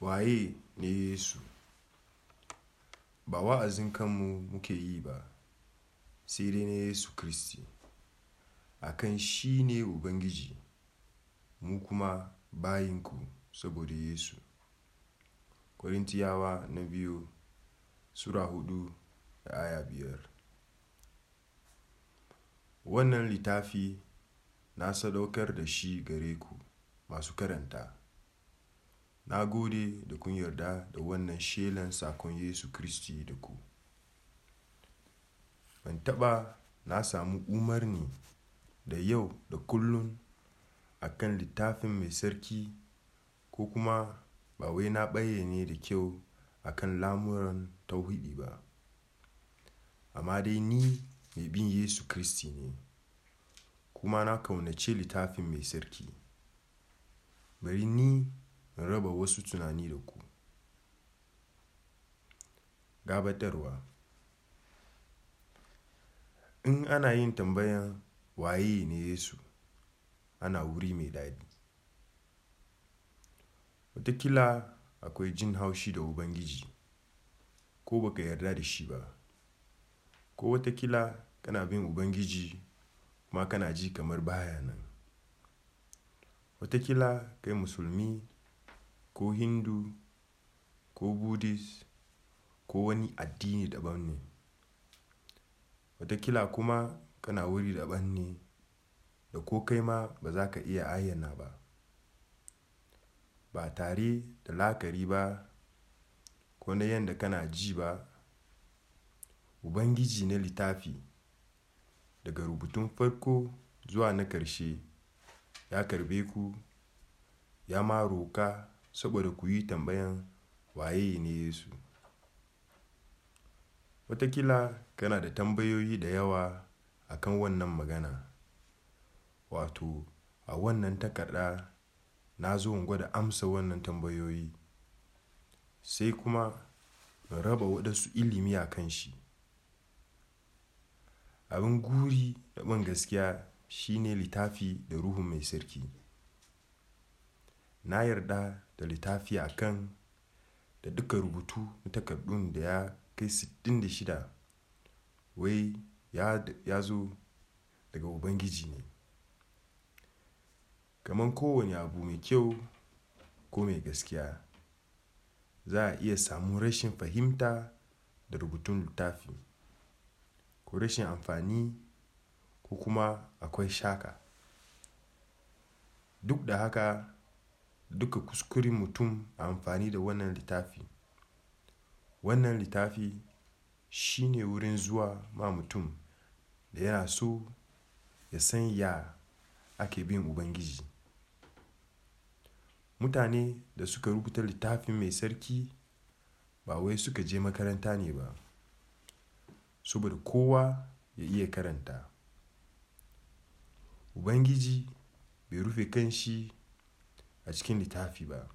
waye ne Yesu. Ba wa'azin kanmu muke yi ba, sai dai na Yesu Kiristi. A kan shi ne Ubangiji, mu kuma bayinku saboda Yesu. Korintiyawa na biyu Sura hudu da aya biyar. Wannan littafi na sadaukar da shi gare ku masu karanta. Na gode da kun yarda da wannan shelan sakon Yesu kristi da ku. Ban taɓa na samu umarni da yau da kullun a kan littafin mai sarki ko kuma ba wai na bayyane da kyau a kan lamuran tauhidi ba. Amma dai ni mai bin Yesu Kiristi ne, kuma na kaunace littafin mai sarki. Bari ni raba wasu tunani da ku. Gabatarwa in ana yin tambayan waye ne Yesu ana wuri mai daɗi. Watakila akwai jin haushi da Ubangiji ko baka yarda da shi ba, ko watakila kana bin Ubangiji kuma kana ji kamar baya nan. Watakila kai musulmi ko Hindu ko Buddhist ko wani addini daban ne. Watakila kuma kana wuri daban ne da ko kai ma ba za ka iya ayyana ba. Ba tare da lakari ba ko na yadda kana ji ba, Ubangiji na littafi daga rubutun farko zuwa na ƙarshe ya karɓe ku, ya ma roka saboda ku yi tambayan waye ne Yesu. Watakila kana da tambayoyi da yawa a kan wannan magana. Wato a wannan takarda na zo in gwada amsa wannan tambayoyi sai kuma in raba waɗansu ilimi a kan shi. Abin guri da ban gaskiya shine littafi da Ruhu Mai Sarki. na yarda da littafi akan da duka rubutu na takardun da ya kai 66 wai ya zo daga ubangiji ne kamar kowane abu mai kyau ko mai gaskiya za a iya samu rashin fahimta da rubutun littafi ko rashin amfani ko kuma akwai shaka duk da haka duka kuskuren mutum a amfani da wannan littafi wannan littafi shine wurin zuwa ma mutum da yana so ya san ya ake bin ubangiji mutane da suka rubuta littafin mai sarki ba wai suka je makaranta ne ba saboda kowa ya iya karanta ubangiji bai rufe kanshi a cikin littafi ba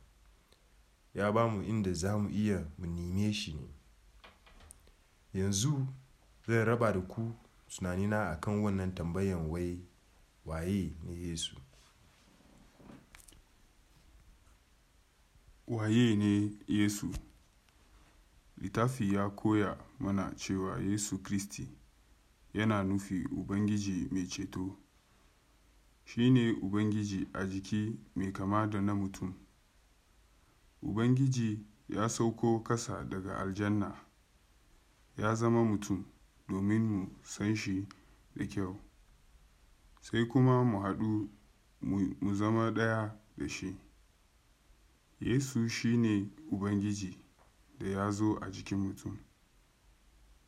ya ba mu inda za mu iya mu nime shi ne yanzu zai raba da ku tunanina a kan wannan tambayan wai waye ne yesu waye ne yesu littafi ya koya mana cewa yesu kristi yana nufi ubangiji mai ceto shi ne Ubangiji a jiki mai kama da na mutum. Ubangiji ya sauko kasa daga aljanna, ya zama mutum domin mu san shi da kyau, sai kuma mu haɗu mu zama ɗaya da shi. Yesu shi ne Ubangiji da ya zo a jikin mutum,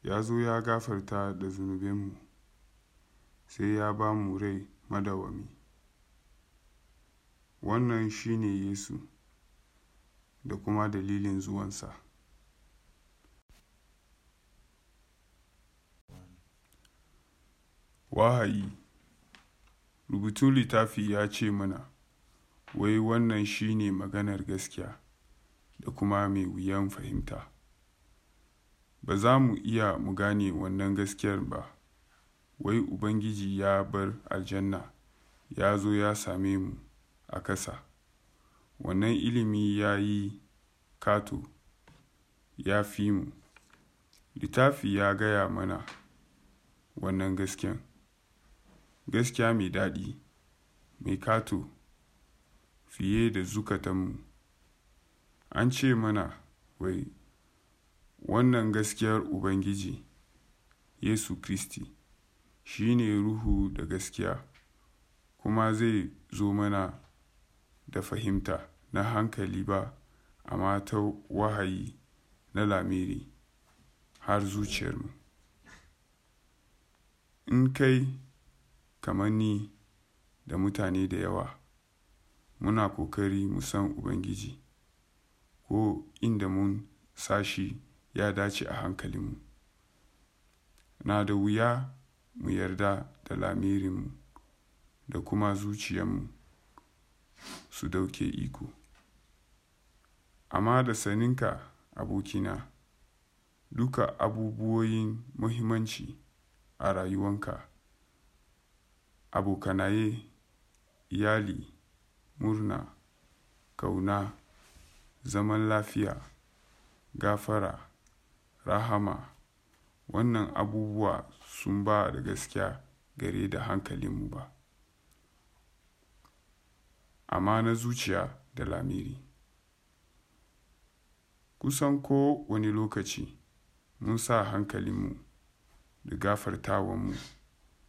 ya zo ya gafarta da zunubinmu. sai ya ba mu rai madawami Wannan shi ne Yesu da kuma dalilin zuwansa. Wahayi Rubutun littafi ya ce mana, wai wannan shi ne maganar gaskiya da kuma mai wuyan fahimta. Ba za mu iya mu gane wannan gaskiyar ba, wai Ubangiji ya bar aljanna ya zo ya same mu. a ƙasa wannan ilimi ya yi kato ya fi mu littafi ya gaya mana wannan gaskiyan gaskiya mai daɗi mai kato fiye da zukatanmu an ce mana wai wannan gaskiyar ubangiji yesu kristi shi ne ruhu da gaskiya kuma zai zo mana da fahimta na hankali ba amma ta wahayi na lamiri har zuciyarmu. In kai kamar ni da mutane da yawa muna kokari mu san Ubangiji ko inda mun sashi ya dace a hankalinmu. Na da wuya mu yarda da lamirinmu da kuma zuciyarmu. su dauke iko. Amma da saninka, abokina, duka abubuwoyin muhimmanci a rayuwanka, abokanaye, iyali, murna, kauna zaman lafiya, gafara, rahama, wannan abubuwa sun ba da gaskiya gare da hankalinmu ba. amma na zuciya da lamiri. Kusan ko wani lokaci mun sa hankalinmu da gafartawanmu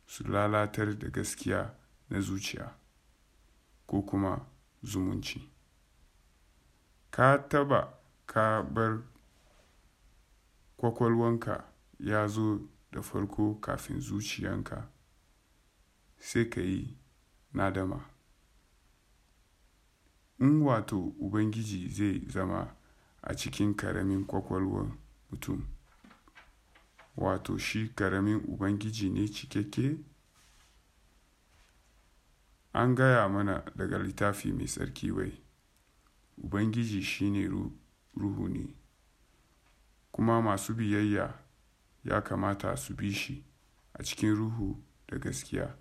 su lalatar da gaskiya na zuciya ko kuma zumunci. Ka taba ka bar kwakwalwanka ya zo da farko kafin zuciyanka, sai ka yi nadama. in wato Ubangiji zai zama a cikin karamin kwakwalwar mutum, wato shi karamin Ubangiji ne cikakke, an gaya mana daga littafi mai tsarki wai, Ubangiji shi ne ruhu ne, kuma masu biyayya ya kamata su bi shi a cikin ruhu da gaskiya.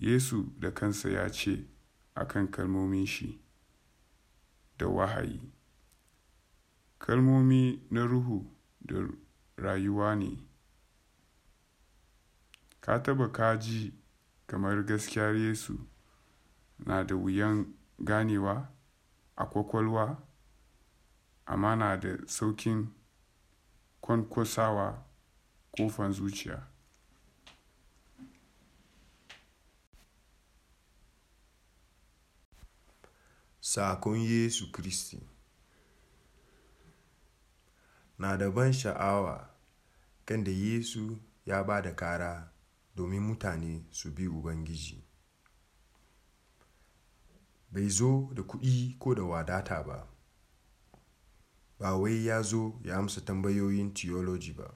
Yesu da kansa ya ce, a kan kalmomin shi da wahayi. Kalmomi na ruhu da rayuwa ne. Ka taba kaji kamar gaskiya Yesu na da wuyan ganewa a kwakwalwa, amma na da saukin kwankwasawa kofan zuciya. Sakon Yesu Kristi. na da ban sha'awa kan da Yesu ya ba da kara domin mutane su bi Ubangiji. Bai zo da kuɗi ko da wadata ba, ba wai ya zo ya amsa tambayoyin theology ba.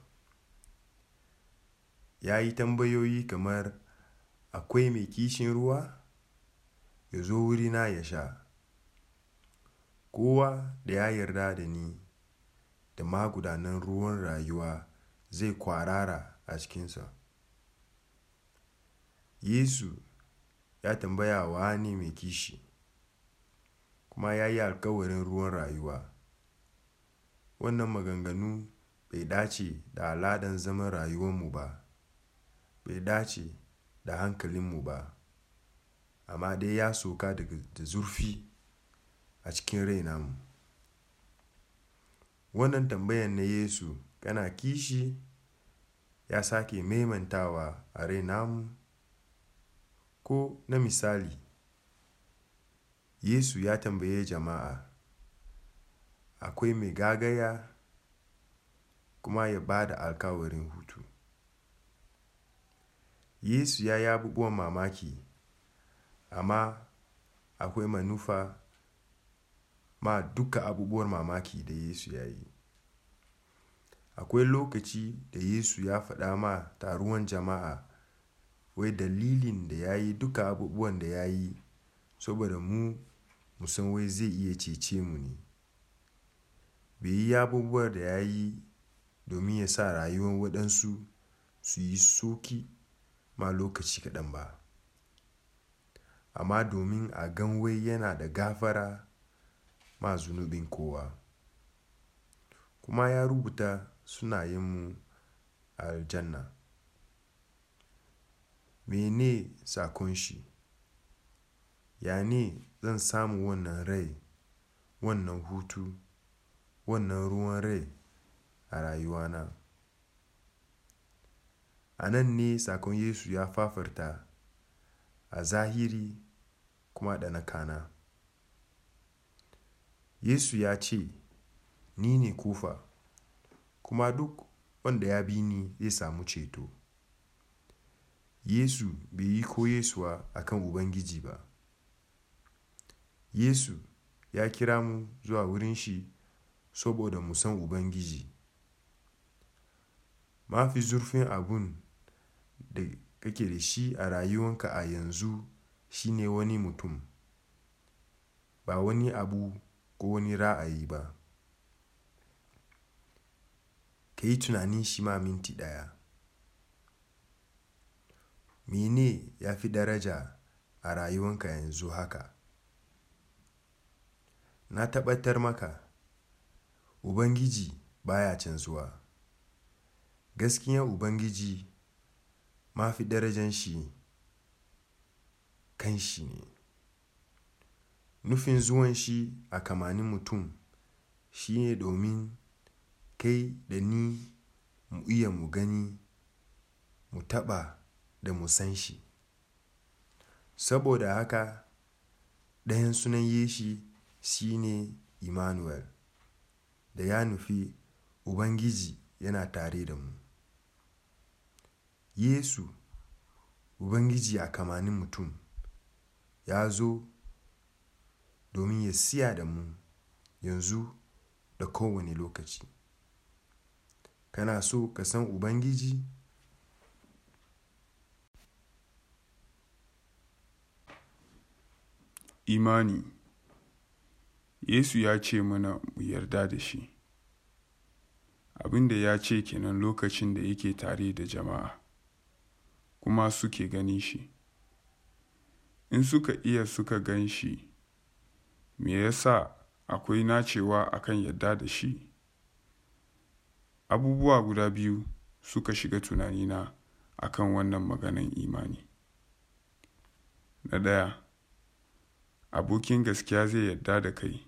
Ya yi tambayoyi kamar akwai mai kishin ruwa? Ya zo wurina ya sha. Kowa da ya yarda da ni da magudanan ruwan rayuwa zai kwarara a cikinsa. Yesu ya tambaya wa ne mai kishi kuma ya yi alkawarin ruwan rayuwa. Wannan maganganu bai dace da aladan zaman rayuwanmu ba, bai dace da hankalinmu ba, amma dai ya soka da zurfi a cikin rai namu. Wannan tambayan na Yesu kana kishi ya sake maimantawa a rai namu ko na misali. Yesu ya tambaye jama'a, akwai mai gagaya kuma ya ba da alkawarin hutu. Yesu ya yi abubuwan mamaki amma akwai manufa ma duka abubuwan mamaki da Yesu ya yi. Akwai lokaci da Yesu ya faɗa ma taruwan jama'a wai dalilin da ya yi duka abubuwan da ya yi saboda mu musan wai zai iya cece mu ne. Bai yi abubuwan da ya yi domin ya sa rayuwar waɗansu su yi soki ma lokaci kaɗan ba, amma domin a gan wai yana da gafara ma zunubin kowa kuma ya rubuta sunayenmu a aljanna mene sakon shi ya ne zan samu wannan rai wannan hutu wannan ruwan rai a rayuwana a nan ne sakon yesu ya fafarta a zahiri kuma da na kana Yesu ya ce, Ni ne kofa, kuma duk wanda ya bi ni zai samu ceto. Yesu bai yi koyesuwa a kan Ubangiji ba. Yesu ya kira mu zuwa wurin shi saboda mu san Ubangiji. Mafi zurfin abun da kake da shi a rayuwanka a yanzu shine wani mutum, ba wani abu ko wani ra'ayi ba. Ka yi tunanin shi ma minti ɗaya. Mene ya fi daraja a rayuwanka yanzu haka? Na tabbatar maka, Ubangiji baya canzuwa. Gaskiya Ubangiji mafi darajan shi kan shi ne. nufin zuwan shi a kamanin mutum shi ne domin kai da ni mu iya mu gani mu taɓa da mu san shi saboda haka ɗayan sunan yeshi shi ne Immanuel da ya nufi Ubangiji yana tare da mu. Yesu Ubangiji a kamanin mutum ya zo domin ya siya da mu yanzu da kowane lokaci. Kana so ka san Ubangiji? Imani Yesu ya ce mana mu yarda da shi. Abinda ya ce kenan lokacin da yake tare da jama'a, kuma suke ganin shi. In suka iya suka gan shi, me ya sa akwai nacewa a kan yadda da shi abubuwa guda biyu suka shiga tunanina akan wannan maganan imani na ɗaya abokin gaskiya zai yadda da kai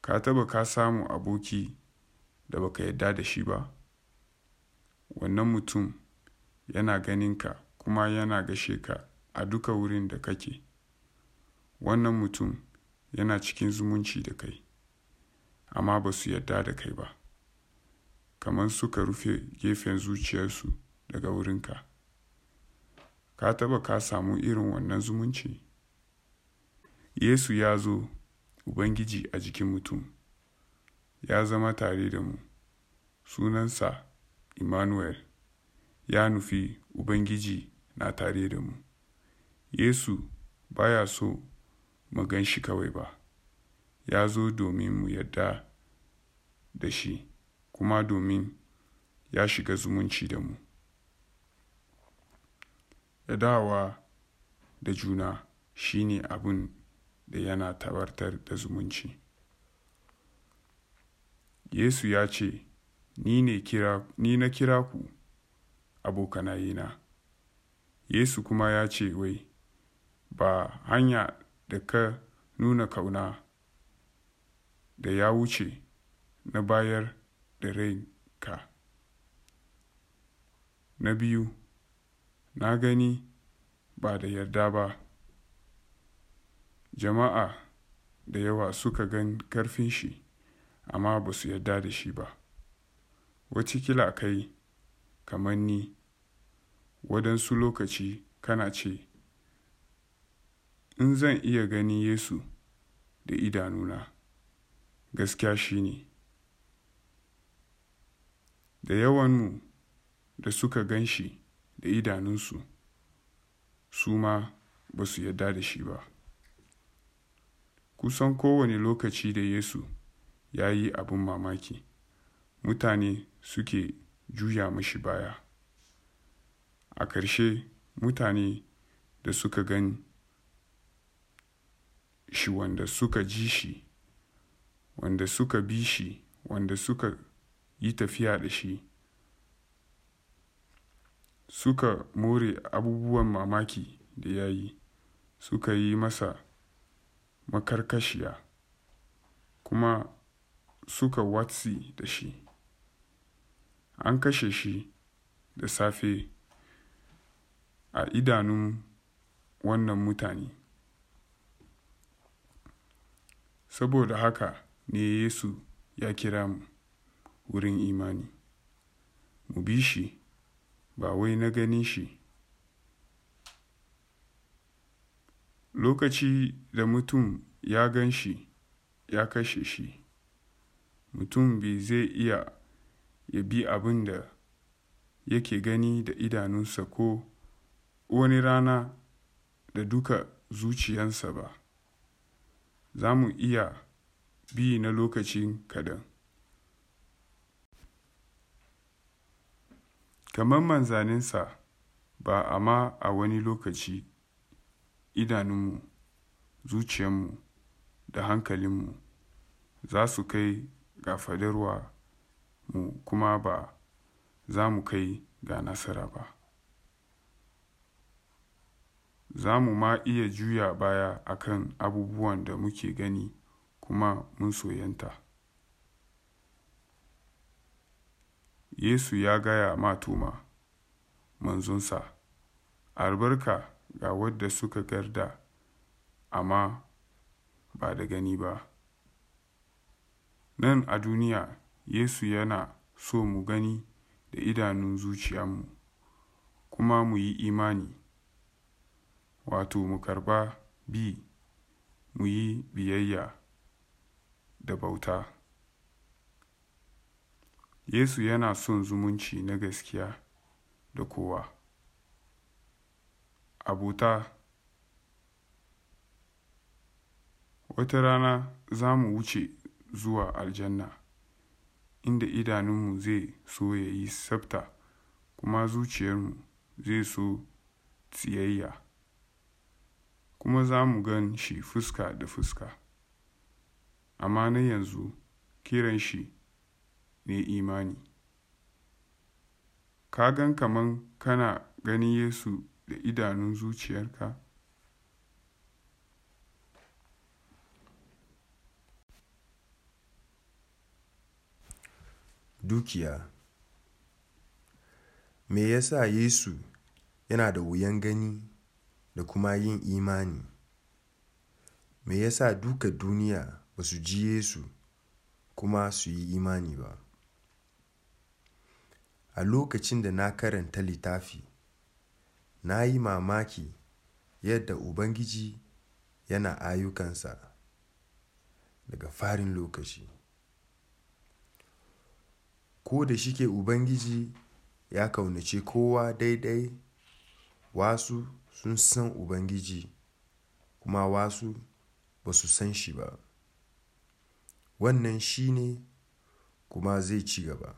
ka taba ka samu aboki da baka yadda da shi ba wannan mutum yana ganin ka kuma yana gashe ka a duka wurin da kake wannan mutum yana cikin zumunci da kai amma ba su yarda da kai ba kamar suka rufe gefen zuciyarsu daga wurinka ka taba ka samu irin wannan zumunci yesu ya zo ubangiji a jikin mutum ya zama tare da mu sunansa Immanuel ya nufi Ubangiji na tare da mu. Yesu baya so mu gan shi kawai ba, ya zo domin mu yadda da shi kuma domin ya shiga zumunci da mu. Yadawa da juna shi ne abin da yana tabartar da zumunci. Yesu ya ce, Ni na kira ku abokanayena. Yesu kuma ya ce wai, ba hanya da ka nuna kauna da ya wuce na bayar da ka. Na biyu, na gani ba da yarda ba. Jama'a da yawa suka gan karfin shi, amma ba su yarda da shi ba. wacikila kai, kamar ni, waɗansu lokaci kana ce, in zan iya gani Yesu da idanuna, gaskiya shi ne, da yawanmu da suka gan shi da idanunsu, su ma ba su yarda da shi ba. Kusan kowane lokaci da Yesu ya yi abin mamaki, mutane suke juya mashi baya. A ƙarshe, mutane da suka gani shi wanda suka ji shi wanda suka bi shi wanda suka yi tafiya da shi suka more abubuwan mamaki da ya yi suka yi masa makarkashiya kuma suka watsi da shi an kashe shi da safe a idanun wannan mutane Saboda haka ne Yesu ya kira mu wurin imani, mu bi shi ba wai na gani shi. Lokaci da mutum ya gan shi, ya kashe shi, mutum bai zai iya ya bi abin da yake gani da idanunsa ko wani rana da duka zuciyansa ba. za mu iya bi na lokaci kaɗan. Kamar manzaninsa ba a ma a wani lokaci idanunmu, zuciyarmu da hankalinmu za su kai ga faɗarwa mu kuma ba za mu kai ga nasara ba. za mu ma iya juya baya a kan abubuwan da muke gani kuma mun soyanta. Yesu ya gaya ma tuma manzunsa Albarka ga wadda suka garda, amma ba da gani ba. Nan a duniya, Yesu yana so mu gani da idanun zuciyarmu, kuma mu yi imani. wato mu karba bi mu yi biyayya da bauta yesu yana son zumunci na gaskiya da kowa abota wata rana za mu wuce zuwa aljanna inda idanunmu zai so ya yi sabta kuma zuciyarmu zai so tsiyayya kuma za mu gan shi fuska da fuska. Amma na yanzu kiran shi ne imani. Ka gan kaman kana gani Yesu da idanun zuciyarka? Dukiya Me yasa Yesu yana da wuyan gani? da kuma yin imani. Me yasa duka duniya ba su ji Yesu kuma su yi imani ba? A lokacin da na karanta littafi, na yi mamaki yadda Ubangiji yana ayyukansa daga farin lokaci. Ko da shike Ubangiji ya kaunace kowa daidai, wasu sun san ubangiji kuma wasu ba su san shi ba wannan shi ne kuma zai ci gaba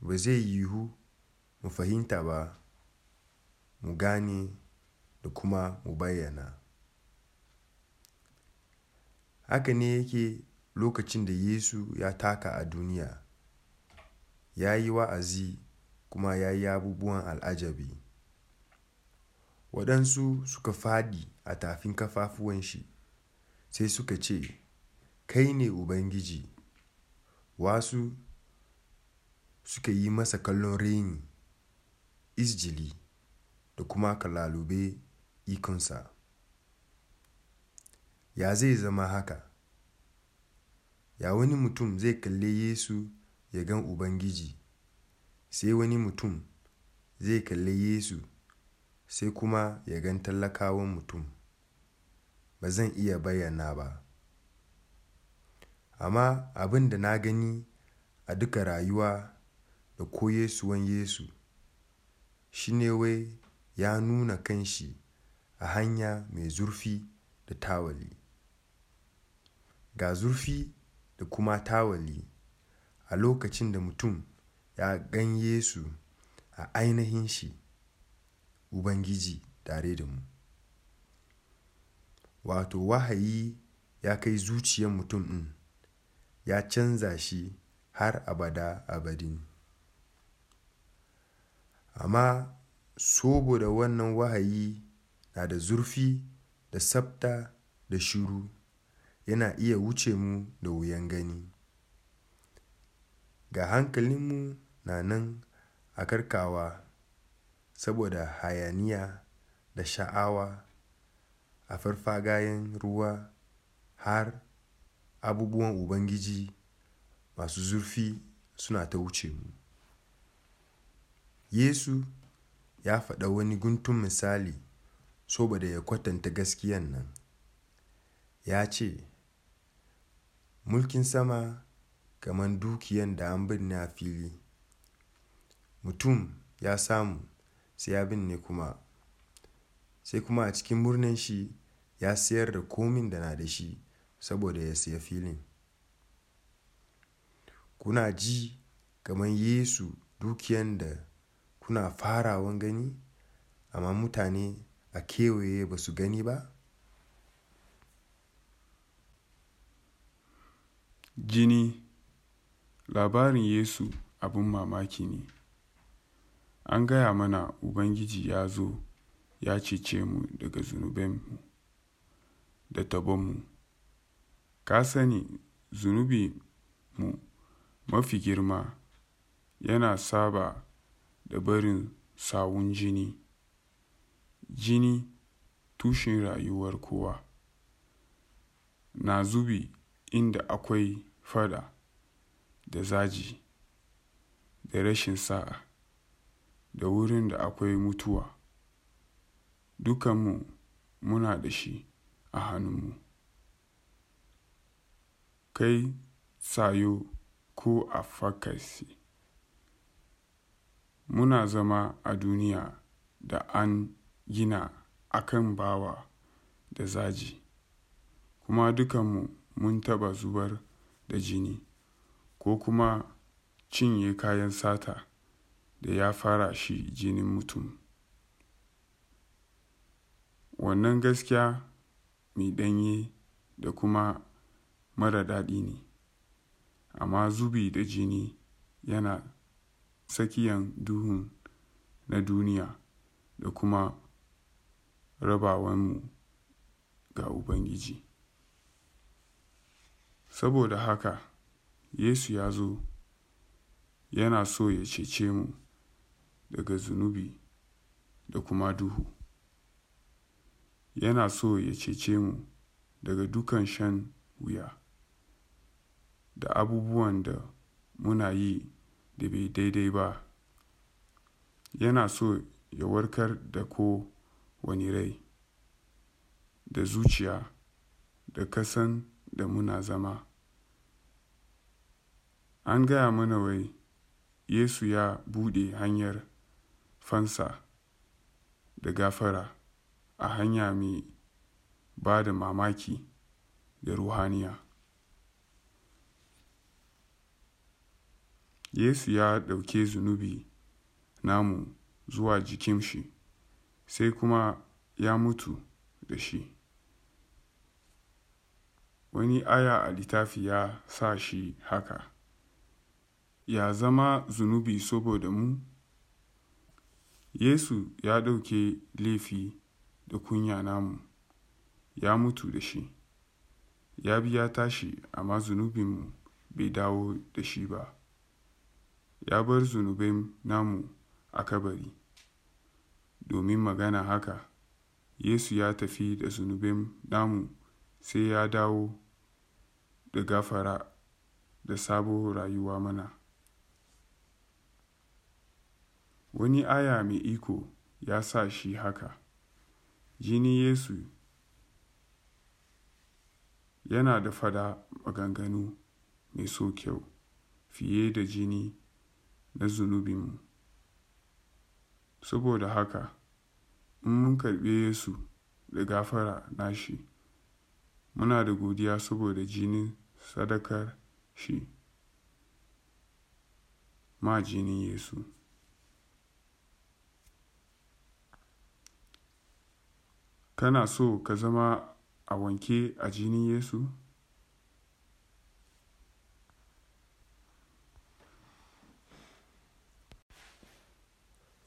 ba zai yiwu mu fahimta ba mu gane da kuma mu bayyana haka ne yake lokacin da yesu ya taka a duniya ya yi wa'azi kuma ya yi abubuwan al'ajabi waɗansu suka faɗi a tafin shi sai suka ce, Kai ne Ubangiji, wasu suka yi masa kallon reni, isjili da kuma kalalube ikonsa. Ya zai zama haka, ya wani mutum zai kalle Yesu ya gan Ubangiji, sai wani mutum zai kalle Yesu. sai kuma ya gan talakawan mutum ba zan iya bayyana ba amma abin da na gani a duka rayuwa da ko koyesuwan yesu shi ne wai ya nuna kanshi a hanya mai zurfi da tawali ga zurfi da kuma tawali a lokacin da mutum ya gan yesu a ainihin shi Ubangiji tare da mu. Wato wahayi ya kai zuciyar mutum ɗin, ya canza shi har abada abadin. Amma saboda wannan wahayi na da zurfi da sabta da shiru, yana iya wuce mu da wuyan gani. Ga hankalinmu na nan a karkawa saboda hayaniya da sha'awa a farfagayen ruwa har abubuwan Ubangiji masu zurfi suna ta wuce mu. Yesu ya faɗa wani guntun misali saboda ya kwatanta gaskiyan nan. Ya ce, Mulkin sama kamar dukiyan da an binne a fili, mutum ya samu sai ya binne kuma sai kuma a cikin murnan shi ya sayar da komin da na da shi saboda ya siya filin kuna ji kamar yesu dukiyan da kuna farawan gani amma mutane a kewaye ba su gani ba jini labarin yesu abin mamaki ne An gaya mana Ubangiji ya zo ya cece mu daga zunubanmu da tabonmu, ka sani zunubinmu mafi girma yana saba da barin sawun jini, jini tushen rayuwar kowa, na zubi inda akwai fada da zaji da rashin sa'a. da wurin da akwai mutuwa, dukanmu muna da shi a hannunmu. Kai sayo ko a fakasi, muna zama a duniya da an gina a kan bawa da zaji, kuma dukanmu mun taɓa zubar da jini ko kuma cinye kayan sata. da ya fara shi jinin mutum wannan gaskiya mai danye da kuma mara daɗi ne amma zubi da jini yana tsakiyan duhun na duniya da kuma rabawanmu ga ubangiji saboda haka yesu ya zo yana so ya cece mu daga zunubi da kuma duhu yana so ya cece mu daga dukan shan wuya da abubuwan da muna yi da bai daidai ba yana so ya warkar da ko wani rai da zuciya da kasan da muna zama an gaya mana wai yesu ya buɗe hanyar fansa da gafara a hanya mai ba da mamaki da ruhaniya. Yesu ya ɗauke zunubi namu zuwa jikin shi, sai kuma ya mutu da shi. Wani aya a littafi ya sa shi haka, ya zama zunubi saboda mu Yesu ya ɗauke laifi da kunya namu, ya mutu da shi, ya bi ya tashi amma zunubinmu bai dawo da shi ba. Ya bar zunubin namu a kabari. Domin magana haka, Yesu ya tafi da zunubin namu sai ya dawo da gafara da sabo rayuwa mana. wani aya mai iko ya sa shi haka, jini Yesu yana da fada maganganu mai so kyau fiye da jini na zunubinmu. Saboda haka, in mun karɓi Yesu da gafara nashi, muna da godiya saboda jinin sadakar shi ma jinin Yesu. Tana so ka zama a wanke a jinin Yesu?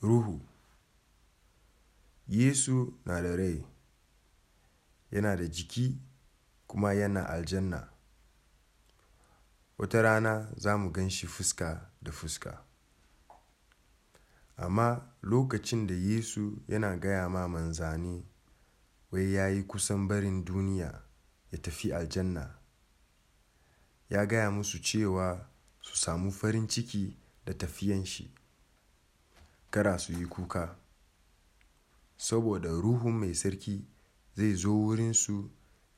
Ruhu Yesu na da rai, yana da jiki kuma yana aljanna. Wata rana za mu gan shi fuska da fuska. Amma lokacin da Yesu yana gaya ma manzani wai ya yi kusan barin duniya ya tafi aljanna ya gaya musu cewa su samu farin ciki da tafiyan shi kara su yi kuka saboda ruhun mai sarki zai zo wurinsu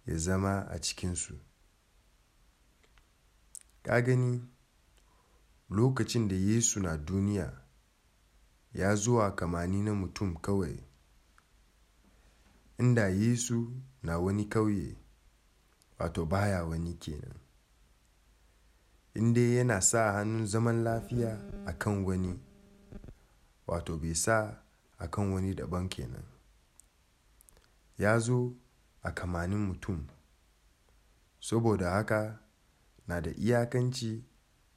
ya zama a cikinsu ka gani lokacin da yesu na duniya ya zuwa kamani na mutum kawai inda yesu na wani kauye wato baya wani kenan inda yana sa hannun zaman lafiya a kan wani wato bai sa a kan wani daban kenan ya zo a kamanin mutum saboda haka na da iyakanci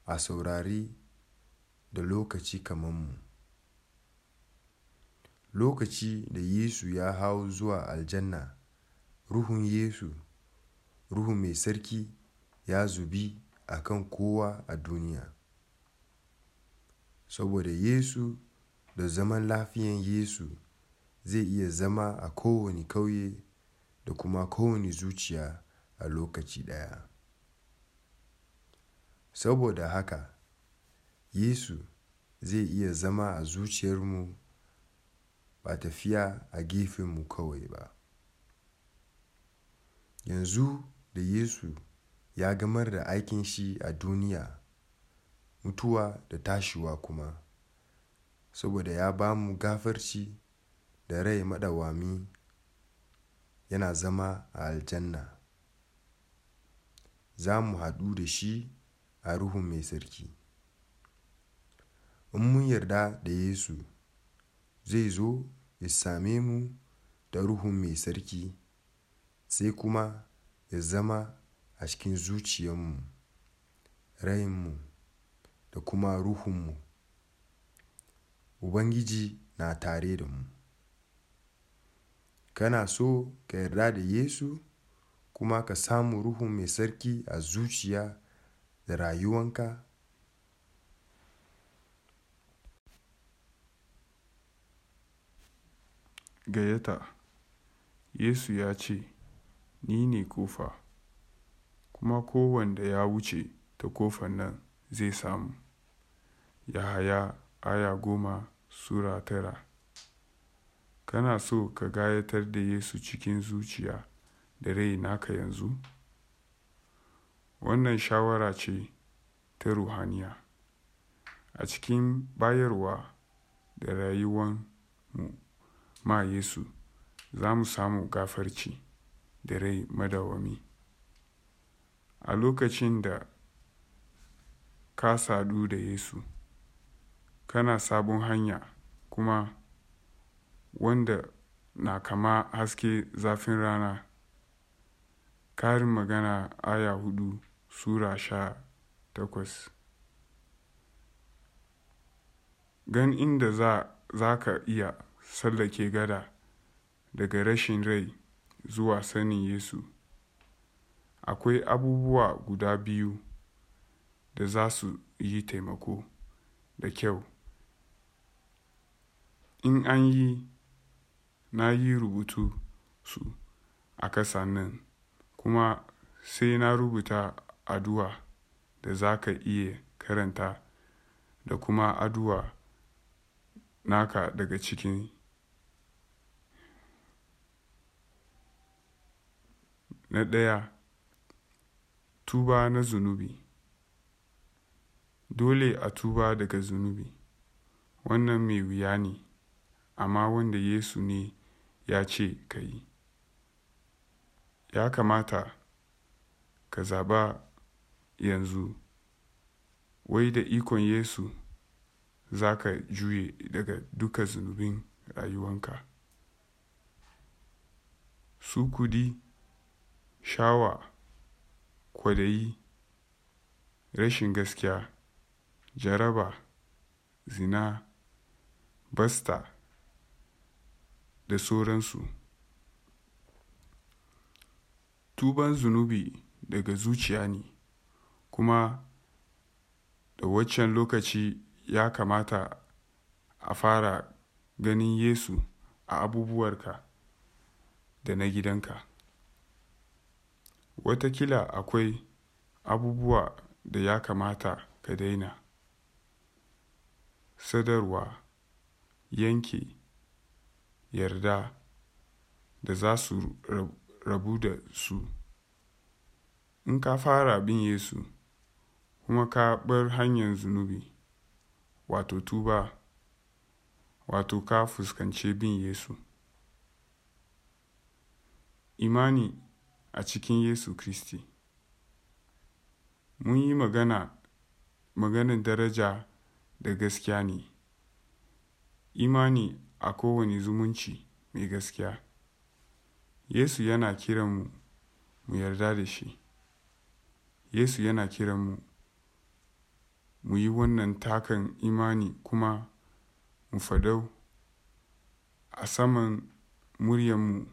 a saurari da lokaci kamar mu lokaci da Yesu ya hau zuwa aljanna, Ruhun Yesu, Ruhu Mai Sarki, ya zubi a kan kowa a duniya. Saboda Yesu da zaman lafiyan Yesu zai iya zama a kowane kauye da kuma kowane zuciya a lokaci ɗaya. Saboda haka, Yesu zai iya zama a zuciyarmu ba tafiya a mu kawai ba yanzu da yesu ya gamar da aikin shi a duniya mutuwa da tashiwa kuma saboda ya ba mu gafarci da rai madawami yana zama a aljanna za mu haɗu da shi a ruhu mai sarki in mun yarda da yesu zai zo ya same mu da ruhun mai sarki sai kuma ya zama a cikin zuciyarmu rayinmu da kuma ruhunmu ubangiji na tare da mu kana so ka yarda da yesu kuma ka samu ruhu mai sarki a zuciya da rayuwanka gayyata Yesu ya ce, Ni ne kofa kuma kowanda ya wuce ta kofan nan zai samu. ya Yahaya aya goma Sura tara Kana so ka gayatar da Yesu cikin zuciya da rai naka yanzu? Wannan shawara ce ta ruhaniya a cikin bayarwa da rayuwan mu. ma Yesu za mu samu gafarci da rai madawami A lokacin da ka sadu da Yesu, kana sabon hanya kuma wanda na kama haske zafin rana. Karin magana aya hudu Sura sha takwas Gan inda za, za ka iya tsallake gada daga rashin rai zuwa sanin Yesu. Akwai abubuwa guda biyu da za su yi taimako da kyau. In an yi, na yi rubutu su a kasa nan, kuma sai na rubuta addu'a da za ka iya karanta da kuma addu'a naka daga cikin Na ɗaya, tuba na zunubi. Dole a tuba daga zunubi, wannan mai wuya ne, amma wanda Yesu ne ya ce ka yi. Ya kamata ka zaɓa yanzu, wai da ikon Yesu za ka juye daga duka zunubin rayuwanka. Su kudi. shawa, kwadayi, rashin gaskiya, jaraba, zina, basta da sauransu. Tuban zunubi daga zuciya ne, kuma da waccan lokaci ya kamata a fara ganin Yesu a abubuwarka da na gidanka. watakila akwai abubuwa da ya kamata ka daina. Sadarwa, yanke, yarda da za su rabu da su. In ka fara bin Yesu kuma ka bar hanyar zunubi wato tuba, wato ka fuskanci bin Yesu. Imani. a cikin Yesu kristi. Mun yi magana, maganin daraja da gaskiya ne, imani a kowane zumunci mai gaskiya. Yesu yana kiranmu mu mu yarda da shi. Yesu yana kiranmu mu yi wannan takan imani kuma mu fadau a saman muryanmu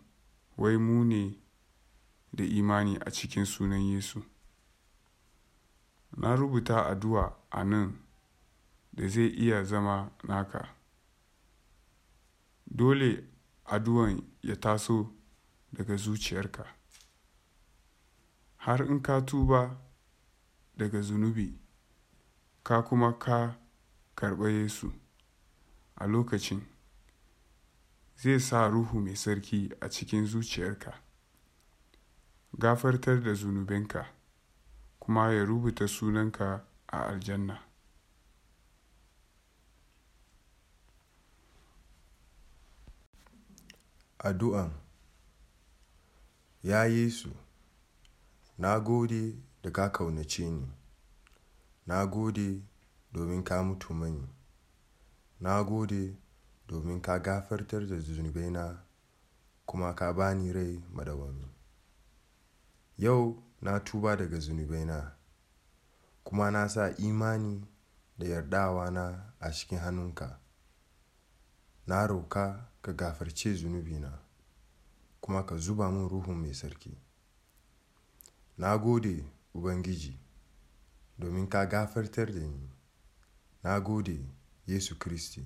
wai mu ne da imani a cikin sunan Yesu. Na rubuta addu'a a nan da zai iya zama naka. Dole addu'an ya taso daga zuciyarka. Har in ka tuba daga zunubi, ka kuma ka karɓa Yesu a lokacin, zai sa Ruhu Mai Sarki a cikin zuciyarka. gafartar da zunubinka, kuma ya rubuta sunanka a aljanna addu'an ya yesu na gode da ka kaunace ni na gode domin ka mutu mani na gode domin ka gafartar da zunubaina kuma ka bani rai madawami Yau na tuba daga zunubai na, kuma na sa imani da yardawa na a cikin hannunka. Na roka ka gafarce na, kuma ka zuba min Ruhu mai sarki. Na gode Ubangiji domin ka gafartar da ni. Na gode Yesu Kiristi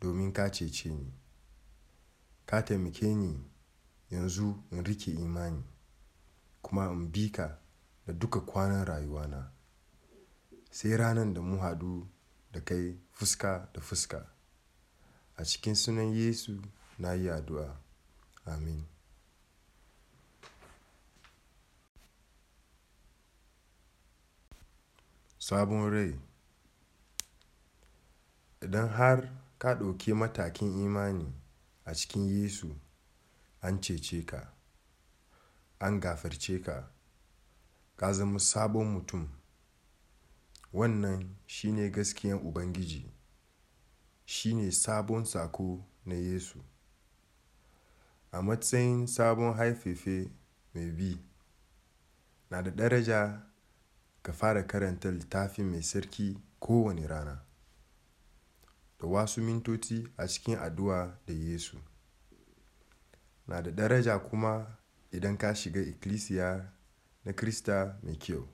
domin ka cece ni. Ka taimake ni yanzu in rike imani. kuma in bi ka da duka kwanan rayuwana sai ranar da mu haɗu da kai fuska da fuska a cikin sunan yesu na yi addu'a amin sabon rai idan har ka ɗauki matakin imani a cikin yesu an cece ka an gafarce ka ka zama sabon mutum wannan shine gaskiyan ubangiji shine sabon sako na yesu a matsayin sabon haifefe mai bi na da daraja ka fara karanta littafi mai sarki kowane rana da wasu mintoci a cikin addu'a da yesu na da daraja kuma idan ka shiga ikkilisiya na krista mai kyau,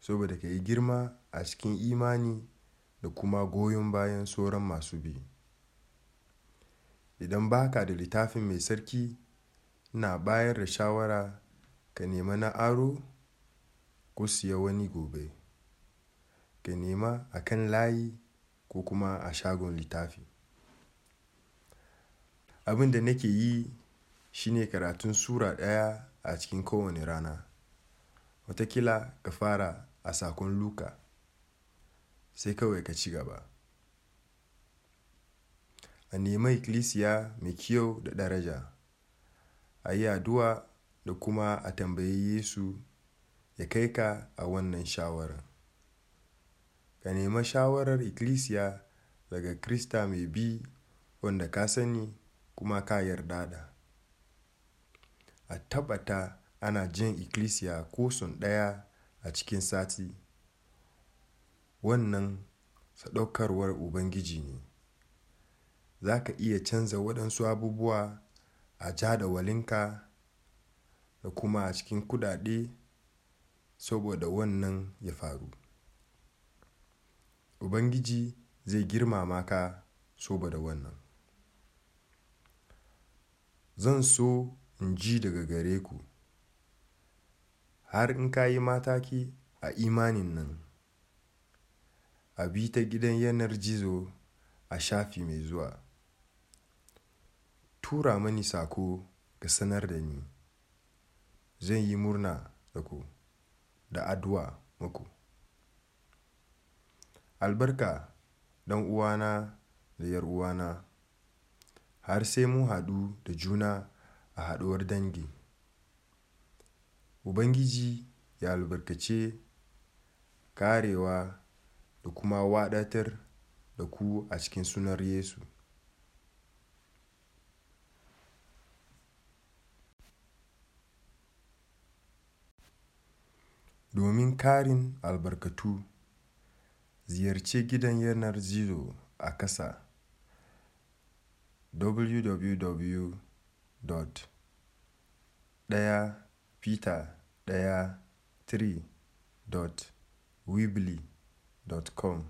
saboda ka yi girma a cikin imani da kuma goyon bayan sauran masu bi. Idan baka da littafin mai sarki, ina bayar da shawara ka nema na aro ko siya wani gobe. Ka nema a kan layi ko kuma a shagon littafi. Abin da nake yi shine karatun sura ɗaya a cikin kowane rana watakila ka fara a sakon luka sai kawai ka ci gaba a nema ikkilisiya mai kyau da daraja a yi addu'a da kuma a tambayi yesu ya kai ka a wannan shawarar ka nema shawarar ikkilisiya daga krista mai bi wanda ka sani kuma ka yarda da a tabbata ana jin ikkilisiya ko sun ɗaya a cikin sati wannan sadaukarwar ubangiji ne za ka iya canza waɗansu abubuwa a jadawalinka da kuma a cikin kudade saboda wannan ya faru ubangiji zai girmama ka saboda wannan zan so in ji daga gare ku har in ka yi mataki a imanin nan a bi ta gidan yanar gizo a shafi mai zuwa tura mani sako ga sanar da ni zan yi murna da ku da addu'a muku albarka dan uwana da yar uwana har sai mu haɗu da juna a haɗuwar dangi ubangiji ya albarkace karewa da kuma wadatar da ku a cikin sunar yesu domin karin albarkatu ziyarci gidan yanar zido a kasa www. 1 Peter com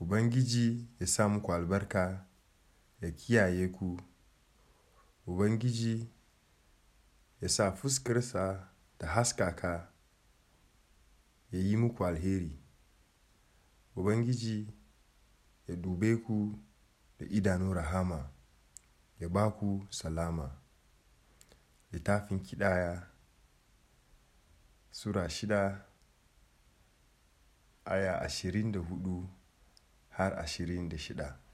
Ubangiji ya sa muku albarka, ya kiyaye ku, Ubangiji ya sa fuskarsa da haskaka, ya yi muku alheri, Ubangiji ya dube ku da idanu rahama, ya baku salama. littafin kidaya sura shida aya ashirin da hudu har ashirin da shida